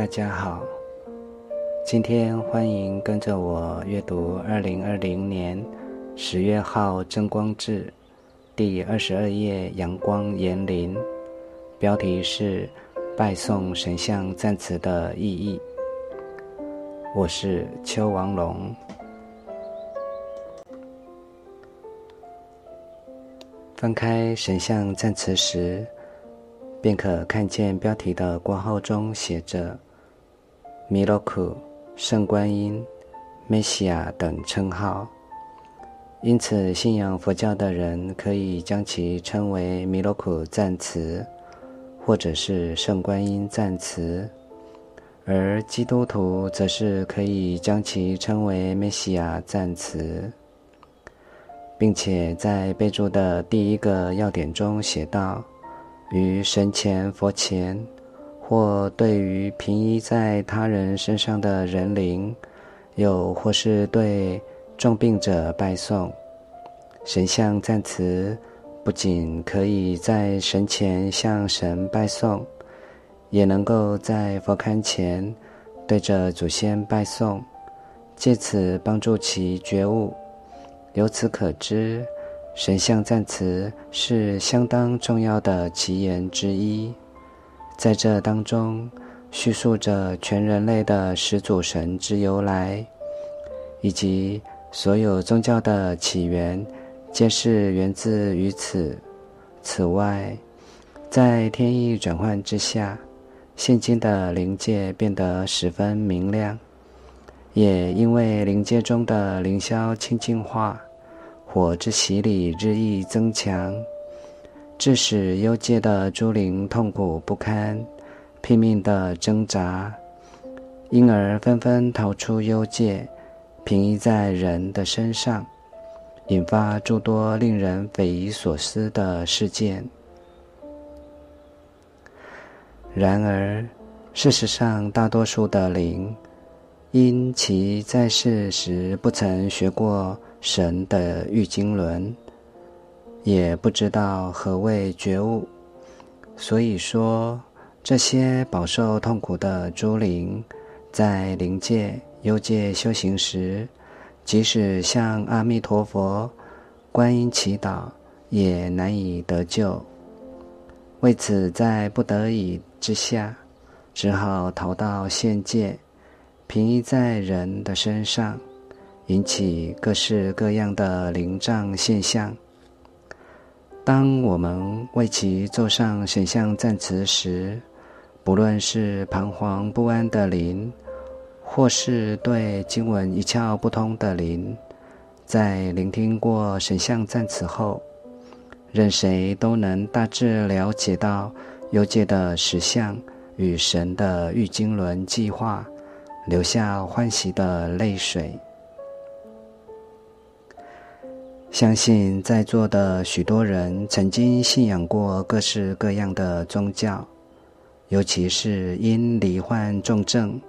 大家好，今天歡迎跟着我閱讀二零二零年十月號《真光誌》第二十二頁《陽光言靈》，標題是“拜頌神向讚詞的意義”。我是邱王隆。翻開神向讚詞時，便可看見標題的括號中寫着。米洛庫、聖觀音、梅西亞等稱號，因此信仰佛教的人可以將其稱為米洛庫讚詞，或者是聖觀音讚詞；而基督徒則是可以將其稱為梅西亞讚詞，並且在備註的第一個要點中寫道：“於神前、佛前。”或對於平移在他人身上的人靈，又或是對重病者拜頌，神向讚詞不僅可以在神前向神拜頌，也能夠在佛龕前對着祖先拜頌，借此幫助其覺悟。由此可知，神向讚詞是相當重要的祈言之一。在這當中，敘述着全人類的始祖神之由來，以及所有宗教的起源，皆是源自於此。此外，在天意轉換之下，現今的靈界變得十分明亮，也因為靈界中的靈霄清淨化，火之洗禮日益增強。致使幽界的諸靈痛苦不堪，拼命的掙扎，因而紛紛逃出幽界，憑依在人的身上，引發諸多令人匪夷所思的事件。然而，事實上，大多數的靈，因其在世時不曾學過神的御經綸。也不知道何謂覺悟，所以說這些飽受痛苦的諸靈，在靈界、幽界修行時，即使向阿彌陀佛、觀音祈禱，也難以得救。為此，在不得已之下，只好逃到現界，憑依在人的身上，引起各式各樣的靈障現象。當我們為其奏上神向讚詞時，不論是彷徨不安的靈，或是對經文一竅不通的靈，在聆聽過神向讚詞後，任誰都能大致了解到幽界的實相與神的御經綸計劃，留下歡喜的淚水。相信在座的許多人曾經信仰過各式各樣的宗教，尤其是因罹患重症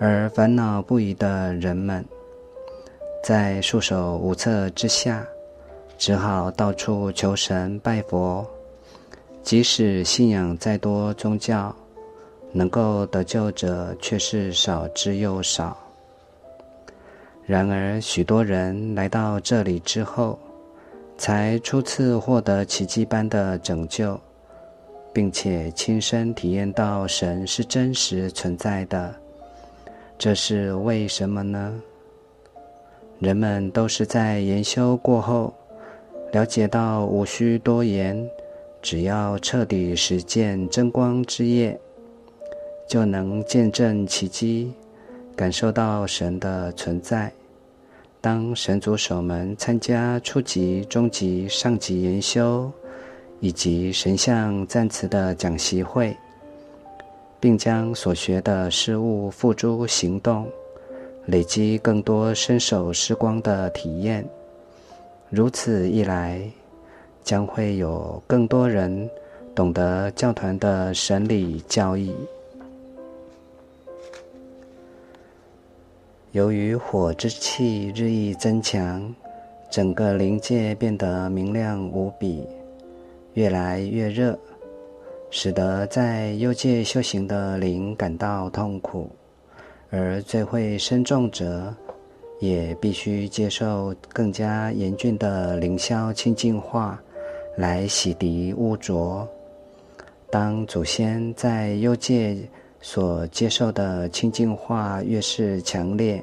而煩惱不已的人們，在束手無策之下，只好到處求神拜佛。即使信仰再多宗教，能夠得救者卻是少之又少。然而，許多人來到這裡之後，才初次獲得奇跡般的拯救，並且親身體驗到神是真實存在的。這是為什麼呢？人們都是在研修過後，了解到無需多言，只要徹底實踐真光之業，就能見證奇跡。感受到神的存在。當神組手們參加初級、中級、上級研修，以及神向讚詞的講習會，並將所學的事物付諸行動，累積更多伸手施光的體驗。如此一來，將會有更多人懂得教團的神理教義。由於火之氣日益增強，整個靈界變得明亮無比，越來越熱，使得在幽界修行的靈感到痛苦，而罪業深重者也必須接受更加嚴峻的靈消清淨化來洗滌污濁。當祖先在幽界。所接受的清淨化越是強烈，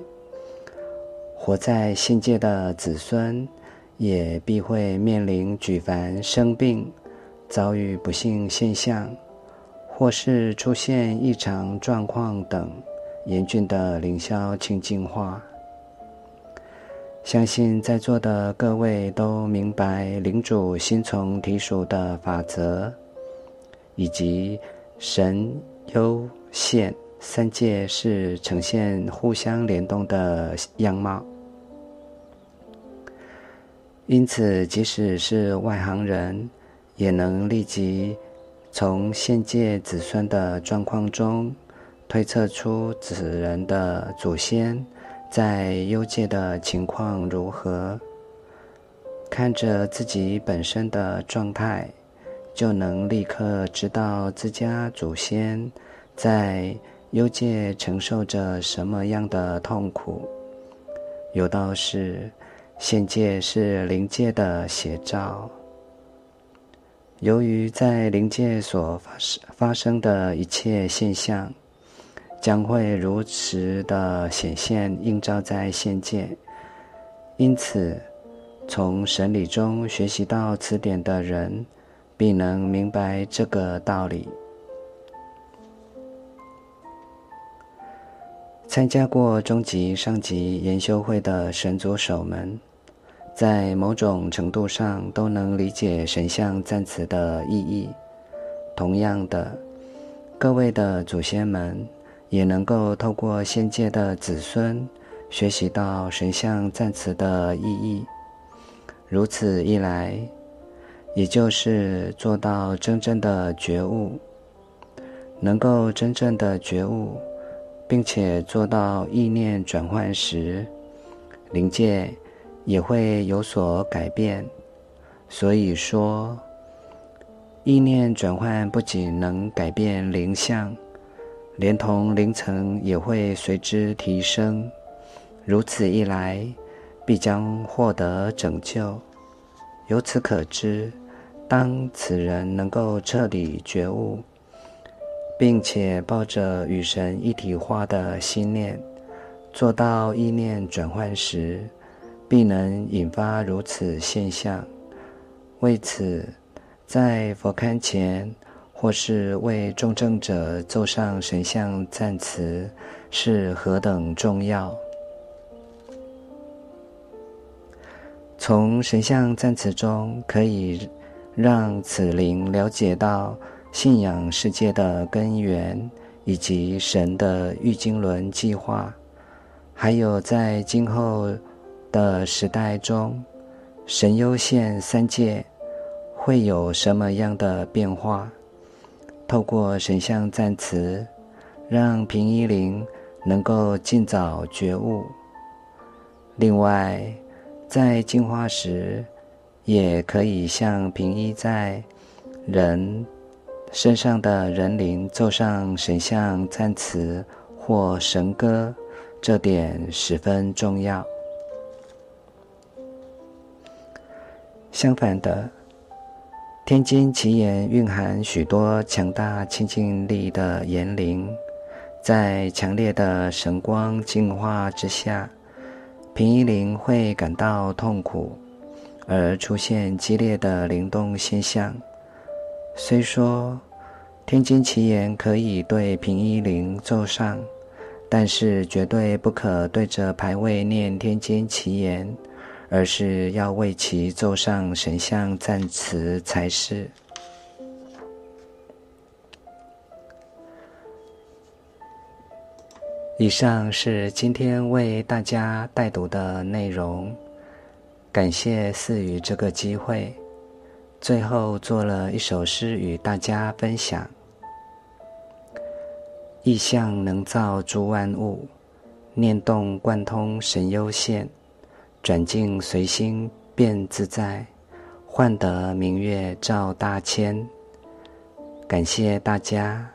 活在現界的子孫，也必會面臨舉凡生病、遭遇不幸現象，或是出現異常狀況等嚴峻的靈消清淨化。相信在座的各位都明白靈主心從體屬的法則，以及神憂。現三界是呈現互相聯動的樣貌，因此即使是外行人，也能立即從現界子孫的狀況中推測出此人的祖先在幽界的情況如何。看着自己本身的狀態，就能立刻知道自家祖先。在幽界承受着什麼樣的痛苦？有道是，現界是靈界的寫照。由於在靈界所發生發生的一切現象，將會如實的顯現映照在現界，因此，從神理中學習到此點的人，必能明白這個道理。參加過中級、上級研修會的神組手們，在某種程度上都能理解神向讚詞的意義。同樣的，各位的祖先們也能夠透過現界的子孫學習到神向讚詞的意義。如此一來，也就是做到真正的覺悟，能夠真正的覺悟。並且做到意念轉換時，靈界也會有所改變。所以說，意念轉換不僅能改變靈相，連同靈層也會隨之提升。如此一來，必將獲得拯救。由此可知，當此人能夠徹底覺悟，並且抱着與神一體化的信念，做到意念轉換時，必能引發如此現象。為此，在佛龕前或是為重症者奏上神向讚詞，是何等重要！從神向讚詞中，可以讓此靈了解到，信仰世界的根源，以及神的御經綸計劃，還有在今後的時代中，神幽顯三界會有什麼樣的變化？透過神向讚詞，讓平一靈能夠儘早覺悟。另外，在淨化時，也可以向平一在人。身上的人靈奏上神向讚詞或神歌，這點十分重要。相反的，天津祈言蘊含許多強大清淨力的言靈，在強烈的神光淨化之下，憑依靈會感到痛苦，而出現激烈的靈動現象。雖說天津祈言可以對憑依靈奏上，但是絕對不可對着牌位念天津祈言，而是要為其奏上神向讚詞才是。以上是今天為大家帶讀的內容，感謝賜予這個機會。最後做了一首詩與大家分享：意象能造諸萬物，念動貫通神幽現，轉境隨心便自在，換得明月照大千。感謝大家。